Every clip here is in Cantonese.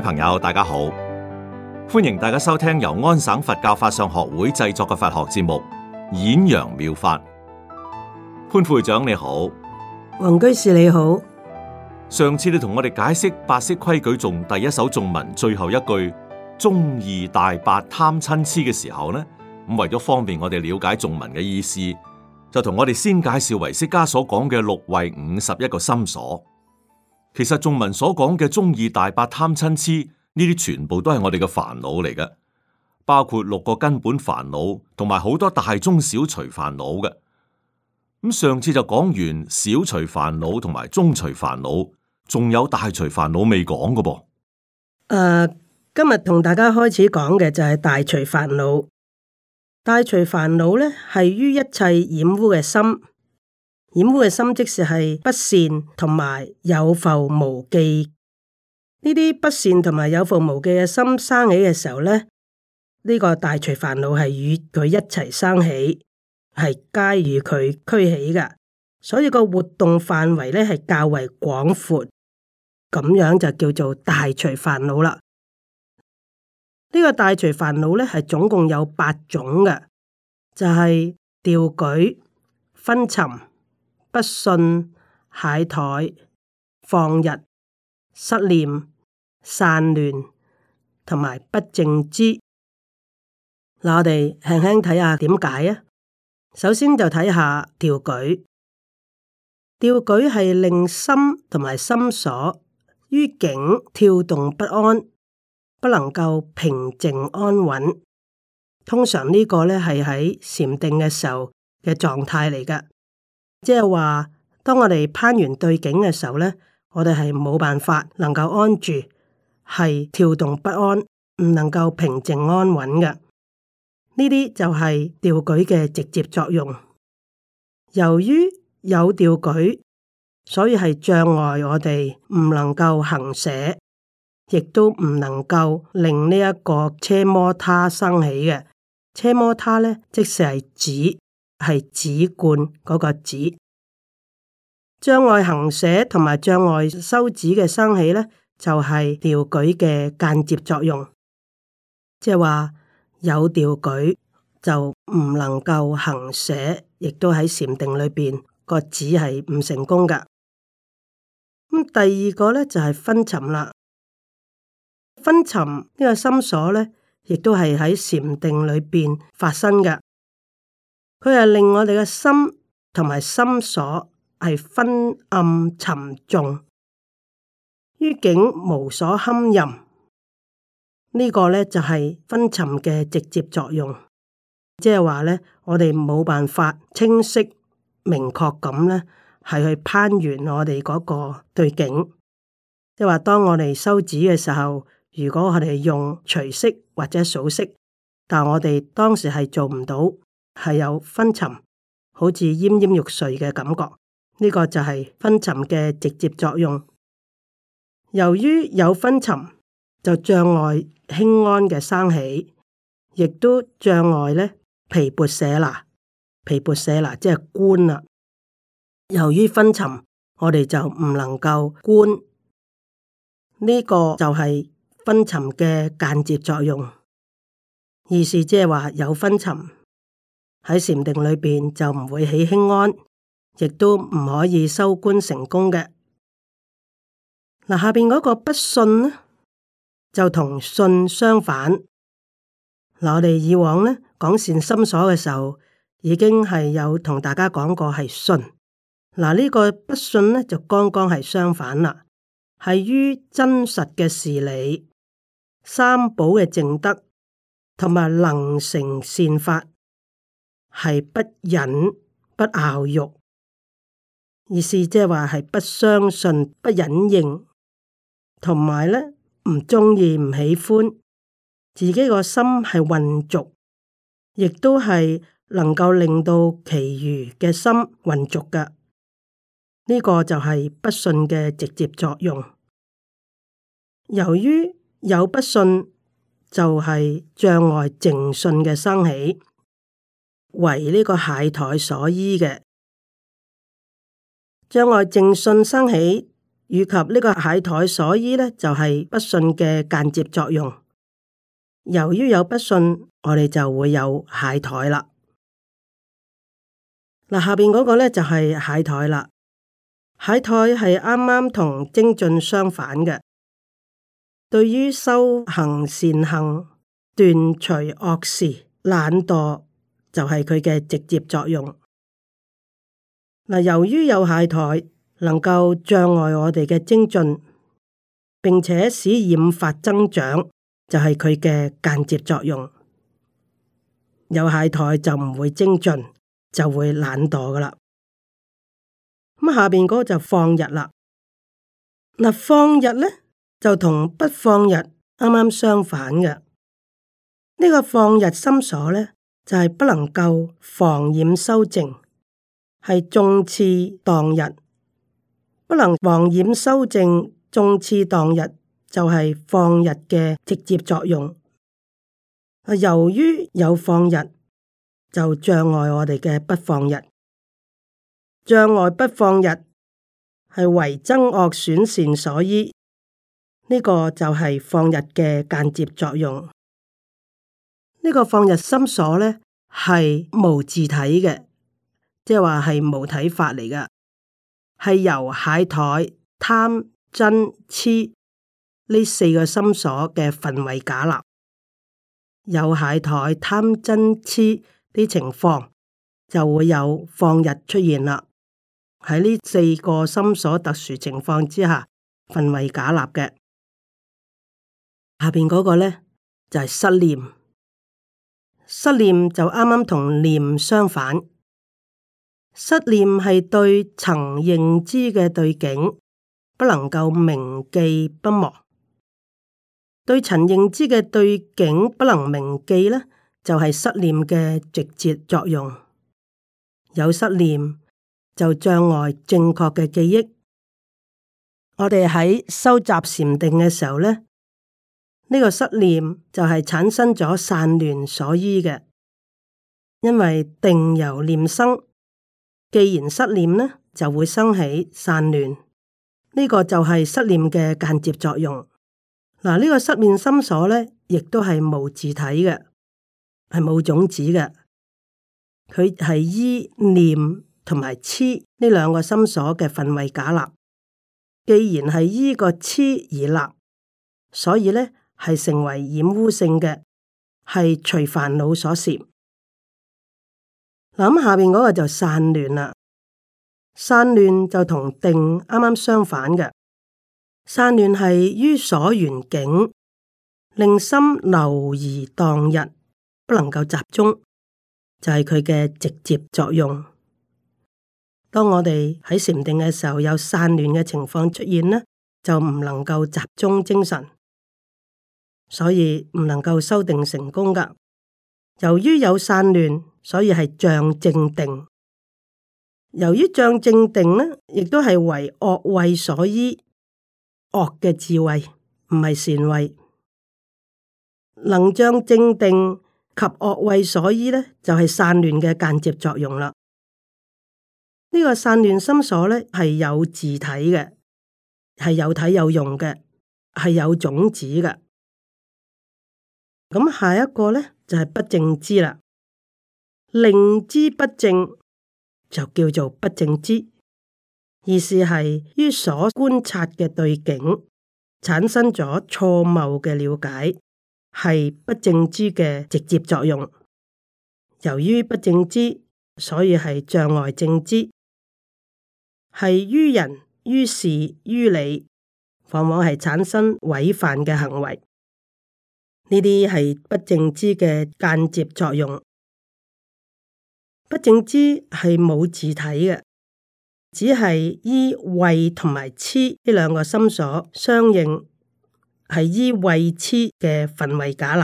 朋友，大家好，歡迎大家收聽由安省佛教法相學會製作嘅佛學節目《演揚妙，妙法》。潘副會長你好，王居士你好。上次你同我哋解釋《八識規矩頌》第一首頌文最後一句“中二大八貪瞋癡”嘅時候呢，咁為咗方便我哋了解頌文嘅意思，就同我哋先介紹唯識家所講嘅六位五十一個心所。其實頌文所講嘅中二、大八、貪、瞋、癡呢啲，全部都係我哋嘅煩惱嚟嘅，包括六個根本煩惱，同埋好多大中小隨煩惱嘅。咁上次就講完小隨煩惱同埋中隨煩惱，仲有大隨煩惱未講嘅噃。誒、呃，今日同大家開始講嘅就係大隨煩惱。大隨煩惱咧係於一切染污嘅心。染污嘅心即是係不善同埋有覆無記。呢啲不善同埋有覆無記嘅心生起嘅時候咧，呢、這個大隨煩惱係與佢一齊生起，係皆與佢俱起嘅，所以個活動範圍咧係較為廣闊，咁樣就叫做大隨煩惱啦。呢、這個大隨煩惱咧係總共有八種嘅，就係、是、掉舉、昏沉、不信、懈怠、放逸、失念、散亂同埋不正知。嗱，我哋輕輕睇下點解啊？首先就睇下掉舉。掉舉係令心同埋心所於境跳動不安，不能夠平靜安穩。通常個呢個咧係喺禪定嘅時候嘅狀態嚟㗎。即係話，當我哋攀緣對境嘅時候咧，我哋係冇辦法能夠安住，係跳動不安，唔能夠平靜安穩嘅。呢啲就係掉舉嘅直接作用。由於有掉舉，所以係障礙我哋唔能夠行捨，亦都唔能夠令呢一個奢摩他生起嘅奢摩他咧，即使係指。係止觀嗰個止，障礙行捨同埋障礙修止嘅生起呢就係、是、調舉嘅間接作用，即係話有調舉就唔能夠行捨，亦都喺禪定裏邊個止係唔成功噶。咁第二個呢，就係、是、昏沉啦，昏沉呢個心所呢，亦都係喺禪定裏邊發生噶。佢係令我哋嘅心同埋心所係昏暗沉重，於境無所堪任。呢個咧就係昏沉嘅直接作用，即係話咧，我哋冇辦法清晰明確咁咧，係去攀緣我哋嗰個對境。即係話，當我哋修止嘅時候，如果我哋用隨息或者數息，但我哋當時係做唔到。係有昏沉，好似奄奄欲睡嘅感覺，呢、這個就係昏沉嘅直接作用。由於有昏沉，就障礙輕安嘅生起，亦都障礙咧毗缽舍那，毗缽舍那，即係觀啦。由於昏沉，我哋就唔能夠觀。呢、這個就係昏沉嘅間接作用。意思即係話有昏沉。喺禪定裏邊就唔會起輕安，亦都唔可以收觀成功嘅。嗱，下邊嗰個不信呢，就同信相反。嗱，我哋以往呢講善心所嘅時候，已經係有同大家講過係信。嗱，呢個不信呢就剛剛係相反啦，係於真實嘅事理、三寶嘅正德同埋能成善法，係不忍不咬肉，意思即係話係不相信、不忍認，同埋咧唔中意、唔喜歡，喜歡自己個心係混濁，亦都係能夠令到其餘嘅心混濁嘅。呢、呢個就係不信嘅直接作用。由於有不信，就係、是、障礙淨信嘅生起。為呢個懈怠所依嘅障礙正信生起，以及呢個懈怠所依呢，就係、是、不信嘅間接作用。由於有不信，我哋就會有懈怠啦。嗱、啊，下邊嗰個呢，就係、是、懈怠啦。懈怠係啱啱同精進相反嘅，對於修行善行、斷除惡事、懶惰，就係佢嘅直接作用。嗱，由於有懈怠能夠障礙我哋嘅精進，並且使染法增長，就係佢嘅間接作用。有懈怠就唔會精進，就會懶惰噶啦。咁下邊嗰個就放逸啦。嗱，放逸咧就同不放逸啱啱相反嘅。呢、這個放逸心所咧。就係不能夠防染修正，係重次蕩日不能防染修正，重次蕩日就係、是、放日嘅直接作用。啊，由於有放日就障礙我哋嘅不放日，障礙不放日係為增惡損善所依，呢、這個就係放日嘅間接作用。呢個放逸心所咧，係無自體嘅，即係話係無體法嚟嘅。係由懈怠貪瞋癡呢四個心所嘅分位假立，有懈怠貪瞋癡啲情況就會有放逸出現啦。喺呢四個心所特殊情況之下分位假立嘅，下邊嗰個咧就係、是、失念。失念就啱啱同念相反，失念係對曾認知嘅對境不能夠明記不忘，對曾認知嘅對境不能明記呢就係、是、失念嘅直接作用。有失念就障礙正確嘅記憶。我哋喺收集禪定嘅時候呢。呢個失念就係產生咗散亂所依嘅，因為定由念生，既然失念咧，就會生起散亂，呢、呢個就係失念嘅間接作用。嗱，呢個失念心所咧，亦都係冇自體嘅，係冇種子嘅，佢係依念同埋痴呢兩個心所嘅分位假立。既然係依個痴而立，所以咧。係成為染污性嘅，係隨煩惱所攝。嗱，咁下面嗰個就是散亂啦。散亂就同定啱啱相反嘅。散亂係於所緣境，令心流而蕩逸，不能夠集中，就係佢嘅直接作用。當我哋喺禪定嘅時候，有散亂嘅情況出現呢，就唔能夠集中精神。所以唔能夠修定成功噶由於有散亂，所以係障正定。由於障正定咧，亦都係為惡慧所依，惡嘅智慧唔係善慧。能障正定及惡慧所依咧，就係、是、散亂嘅間接作用啦。呢、這個散亂心所咧，係有字體嘅，係有體有用嘅，係有種子嘅。咁下一個呢就係、是、不正知啦，令知不正就叫做不正知，意思係於所觀察嘅對境產生咗錯謬嘅了解，係不正知嘅直接作用。由於不正知，所以係障礙正知，係於人於事於理，往往係產生違犯嘅行為。呢啲係不正知嘅間接作用。不正知係冇自體嘅，只係依慧同埋癡呢兩個心所相應，係依慧癡嘅分位假立。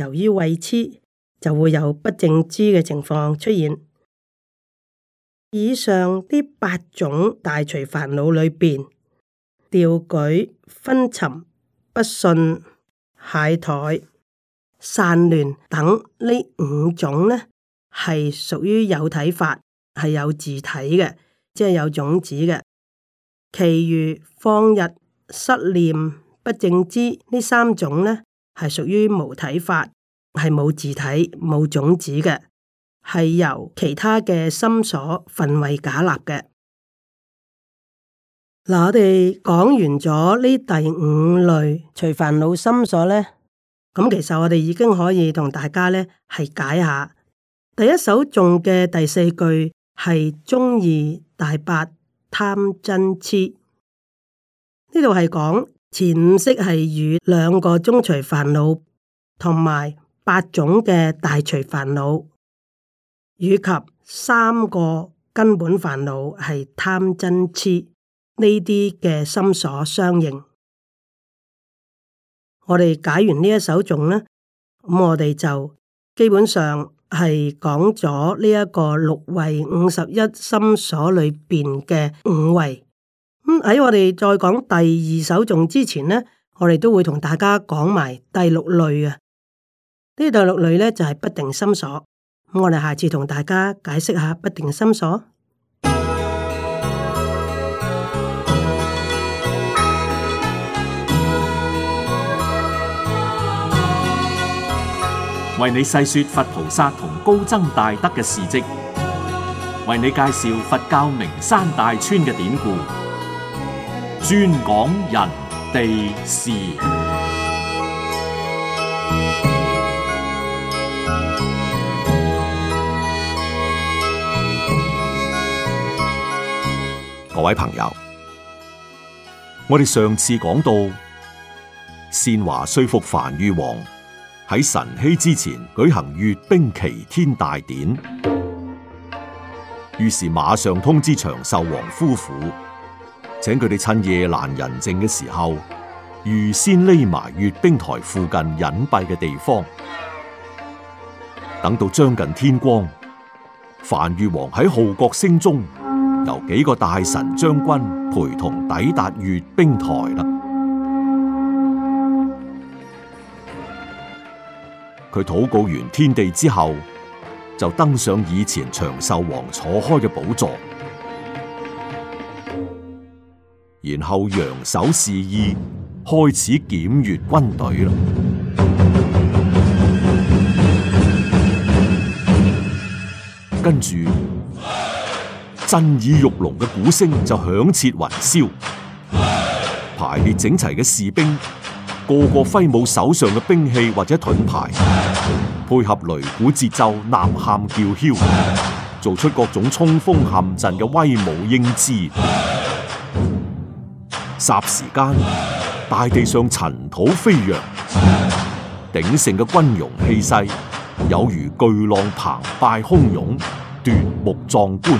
由於慧癡，就會有不正知嘅情況出現。以上呢八種大隨煩惱裏邊，掉舉、昏沉、不信。蟹懈怠、散亂等呢五種呢，係屬於有體法，係有自體嘅，即係有種子嘅；其餘放逸、失念、不正知呢三種呢，係屬於無體法，係冇自體、冇種子嘅，係由其他嘅心所分位假立嘅。嗱，我哋講完咗呢第五類隨煩惱心所咧，咁其實我哋已經可以同大家咧係解下第一首中嘅第四句係中二大八貪瞋癡。呢度係講前五識係與兩個中隨煩惱同埋八種嘅大隨煩惱，以及三個根本煩惱係貪瞋癡。呢啲嘅心所相應，我哋解完呢一首頌咧，咁我哋就基本上係講咗呢一個六位五十一心所裏邊嘅五位。咁喺我哋再講第二首頌之前咧，我哋都會同大家講埋第六類啊。呢第六類咧就係不定心所，咁我哋下次同大家解釋下不定心所。為你細說佛菩薩同高僧大德嘅事跡，為你介紹佛教名山大川嘅典故，專講人地事。各位朋友，我哋上次講到，善華說服梵于王。喺晨曦之前舉行閱兵祈天大典，於是馬上通知長壽王夫婦，請佢哋趁夜闌人靜嘅時候，預先匿埋閱兵台附近隱蔽嘅地方。等到將近天光，樊御王喺號角聲中，由幾個大臣將軍陪同抵達閱兵台啦。佢禱告完天地之後，就登上以前長壽王坐開嘅寶座，然後揚手示意，開始檢閱軍隊啦。 跟住震耳欲聾嘅鼓聲就響徹雲霄， 排列整齊嘅士兵。個個揮舞手上嘅兵器或者盾牌，配合擂鼓節奏，吶喊叫囂，做出各種衝鋒陷陣嘅威武英姿。霎時間，大地上塵土飛揚，鼎盛嘅軍容氣勢，有如巨浪澎澎湃洶湧，奪目壯觀。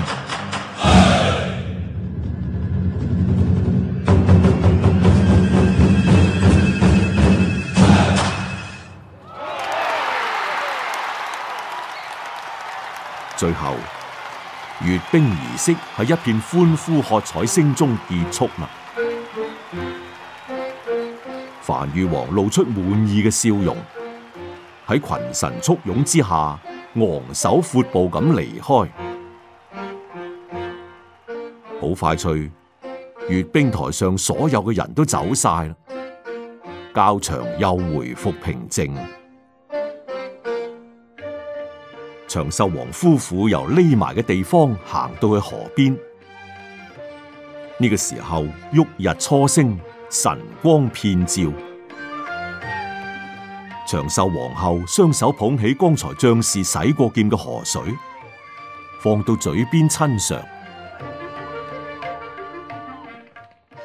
最後閱兵儀式喺一片歡呼喝彩聲中結束啦。梵豫王露出滿意嘅笑容，喺群臣簇擁之下昂首闊步咁離開。好快脆，閱兵台上所有嘅人都走晒啦，較場又回復平靜。長壽王夫婦由匿埋嘅地方行到去河邊，呢個時候，旭日初升，神光遍照。長壽皇后雙手捧起剛才將士洗過劍嘅河水，放到嘴邊親嘗，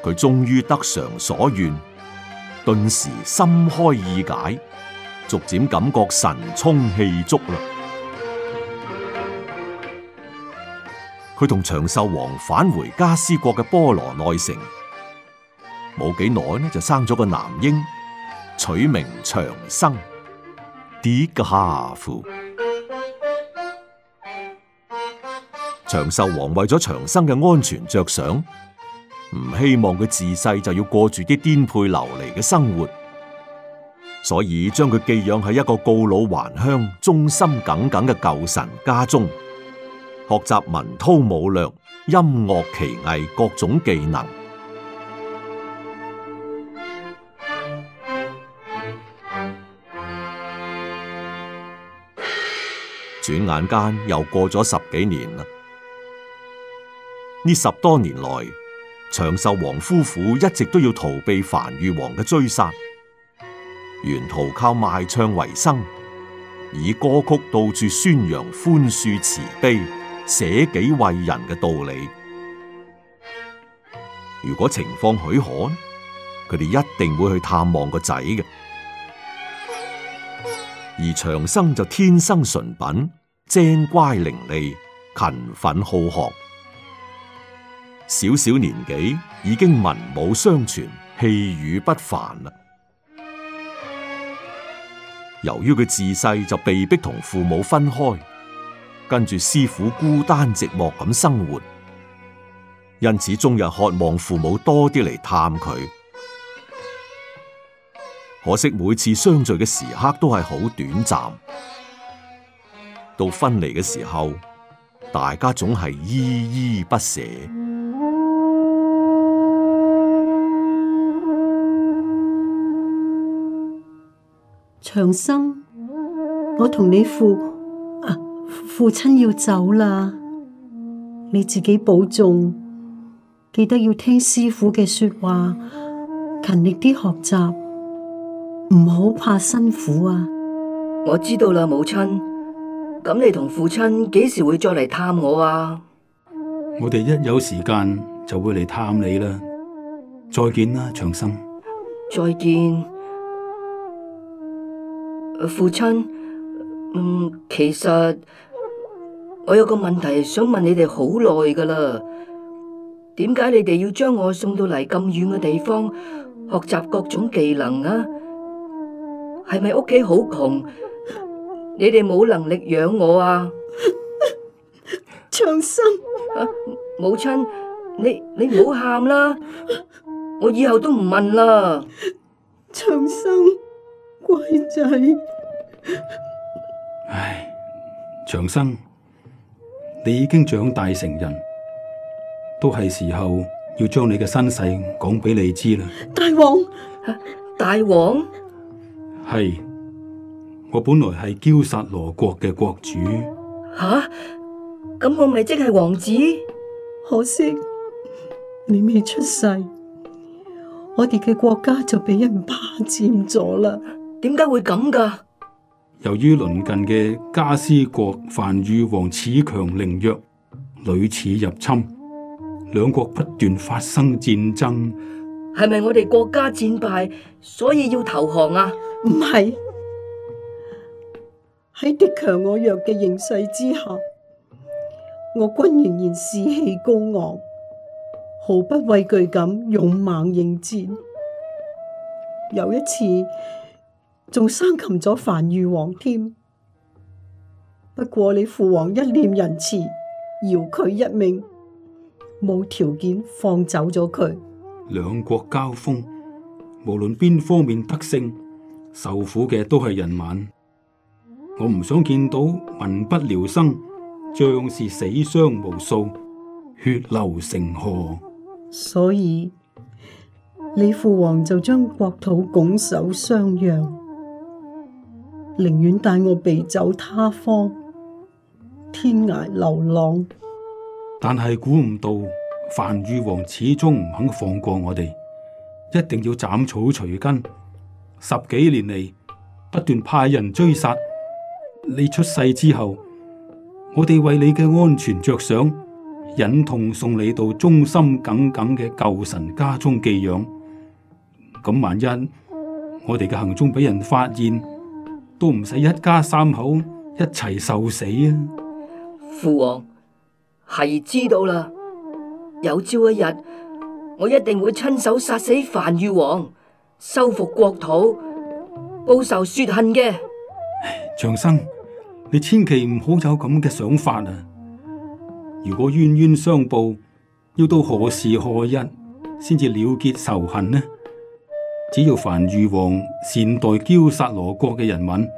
佢終於得償所願，頓時心開意解，逐漸感覺神充氣足啦。佢同長壽王返回加斯國嘅波羅內城，冇幾耐呢就生咗個男嬰，取名長生。啲個下長壽王為咗長生嘅安全着想，唔希望佢自細就要過住啲顛沛流離嘅生活，所以將佢寄養喺一個告老還鄉、忠心耿耿嘅舊臣家中。學習文韜武略、音樂奇藝各種技能。轉 眼間又過咗十幾年啦。呢十多年來，長壽王夫婦一直都要逃避梵豫王嘅追殺，沿途靠賣唱為生，以歌曲到處宣揚寬恕慈悲。捨己為人嘅道理，如果情況許可，佢哋一定會去探望個仔嘅。而長生就天生純品，精乖伶俐，勤奮好學，小小年紀已經文武雙全，氣宇不凡啦。由於佢自細就被逼同父母分開。跟住師傅孤單寂寞咁生活，因此終日渴望父母多啲嚟探佢。可惜每次相聚嘅時刻都係好短暫，到分離嘅時候，大家總係依依不捨。長生，我同你父。父親要走啦，你自己保重，記得要聽師傅嘅說話，勤力啲學習，唔好怕辛苦啊！我知道啦，母親。咁你同父親幾時會再嚟探我啊？我哋一有時間就會嚟探你啦。再見啦，長生。再見，父親。嗯，其實我有個問題想問你哋好耐噶啦，點解你哋要將我送到嚟咁遠嘅地方學習各種技能啊？係咪屋企好窮，你哋冇能力養我啊？長生！啊、母親，你你唔好喊啦，我以後都唔問啦。長生，乖仔。唉，長生，你已經長大成人，都係時候要將你嘅身世講俾你知啦。大王，大王，係，我本來係嬌殺羅國嘅國主。吓、啊，咁我咪即係王子？可惜你未出世，我哋嘅國家就俾人霸佔咗啦。點解會咁噶？由於鄰近嘅加斯國范與王恃強凌弱，屢次入侵，兩國不斷發生戰爭。係咪我哋國家戰敗，所以要投降啊？唔係。喺敵強我弱嘅形勢之下，我軍仍然士氣高昂，毫不畏懼咁勇猛應戰。有一次。仲生擒咗樊裕王添，不過你父王一念仁慈，饒佢一命，冇條件放走咗佢。兩國交鋒，無論邊方面得勝，受苦嘅都係人民。我唔想見到民不聊生，將士死傷無數，血流成河。所以你父王就將國土拱手相讓。寧願帶我避走他方，天涯流浪。但係估唔到，梵豫王始終唔肯放過我哋，一定要斬草除根。十幾年嚟，不斷派人追殺。你出世之後，我哋為你嘅安全着想，忍痛送你到忠心耿耿嘅舊神家中寄養。咁萬一我哋嘅行蹤俾人發現，都唔使一家三口一齊受死啊！父王係知道啦，有朝一日我一定會親手殺死樊玉王，收復國土，報仇雪恨嘅。 長生，你千祈唔好有咁嘅想法啊！如果冤冤相報，要到何時何日先至了結仇恨呢、啊？只要梵豫王善待憍薩羅國嘅人民，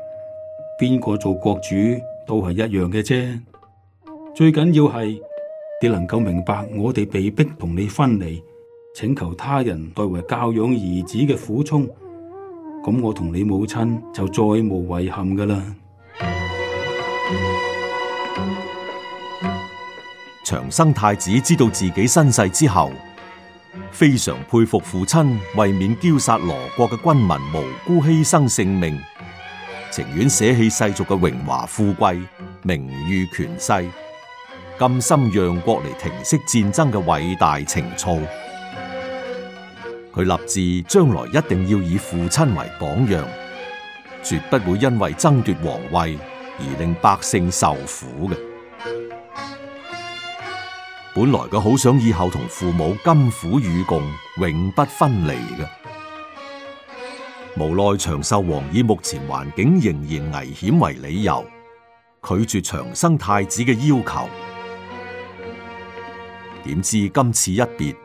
邊個做國主都係一樣嘅啫。最緊要係你能夠明白我哋被逼同你分離，請求他人代為教養兒子嘅苦衷，咁我同你母親就再無遺憾噶啦。長生太子知道自己身世之後。非常佩服父親，為免憍薩羅國嘅軍民無辜犧牲性命，情願捨棄世俗嘅榮華富貴、名譽權勢，甘心讓國嚟停息戰爭嘅偉大情操。佢立志將來一定要以父親為榜樣，絕不會因為爭奪皇位而令百姓受苦嘅。本來佢好想以後同父母甘苦與共，永不分離嘅。無奈長壽王以目前環境仍然危險為理由，拒絕長生太子嘅要求。點知今次一別，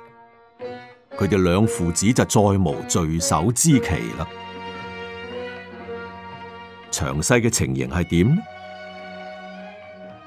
佢哋兩父子就再無聚首之期啦。詳細嘅情形係點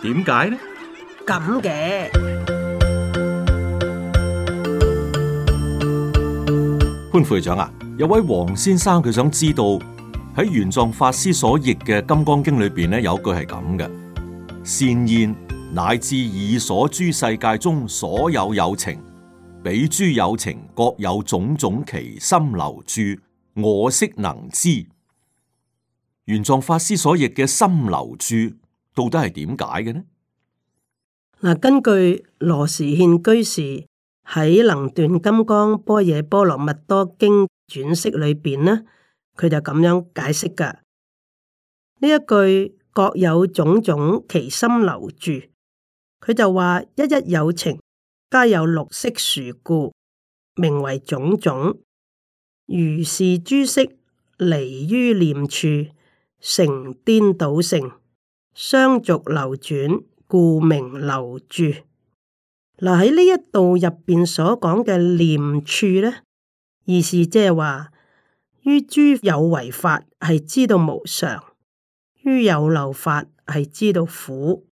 點解呢？咁嘅潘會長啊，有位王先生佢想知道喺玄奘法師所譯嘅《金剛經》裏邊呢，有句係咁嘅：善現乃至以所諸世界中所有有情，彼諸有情各有種種其心流注，我悉能知。玄奘法師所譯嘅《心流注》。到底係點解嘅呢？嗱，根據羅時憲居士喺《能斷金剛般若波羅蜜多經轉面》轉釋裏邊呢，佢就咁樣解釋嘅呢一句：各有種種，其心流注。佢就話：一一有情皆有綠色殊故，名為種種。如是諸色離於念處，成顛倒性。相續流轉，故名流注。嗱，喺呢一度入邊所講嘅念處咧，意思即係話，於諸有為法係知道無常，於有漏法係知道苦，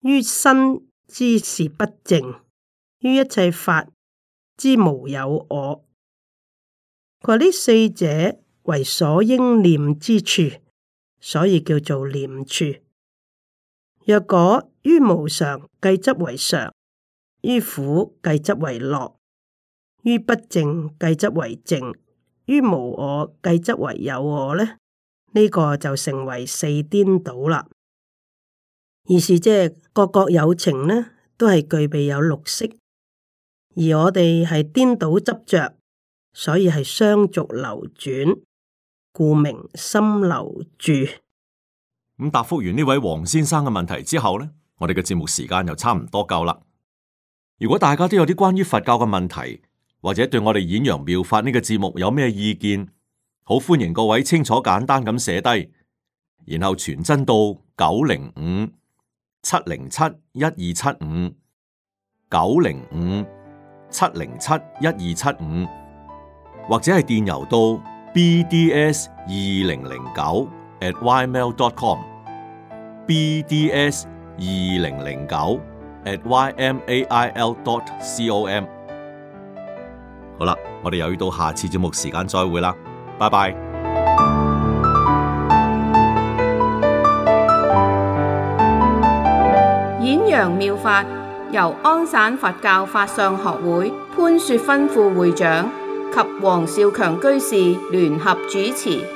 於身知是不淨，於一切法知無有我。佢話呢四者為所應念之處，所以叫做念處。若果於無常計執為常，於苦計執為樂，於不淨計執為淨，於無我計執為有我咧，呢、這個就成為四顛倒啦。二、就是即係各各有情呢，都係具備有六識，而我哋係顛倒執着，所以係相續流轉，故名心流注」。咁答覆完呢位黃先生嘅問題之後呢，我哋嘅節目時間又差唔多夠啦。如果大家都有啲關於佛教嘅問題，或者對我哋演揚妙法呢個節目有咩意見，好歡迎各位清楚簡單咁寫低，然後傳真到九零五七零七一二七五九零五七零七一二七五，75, 75, 或者係電郵到 BDS 二零零九，at ymail dot com bds 二零零九 at ym a i l dot c o m 好啦，我哋又要到下次節目時間再會啦，拜拜。演揚妙法由安省佛教法相學會潘雪芬副會長及黃少強居士聯合主持。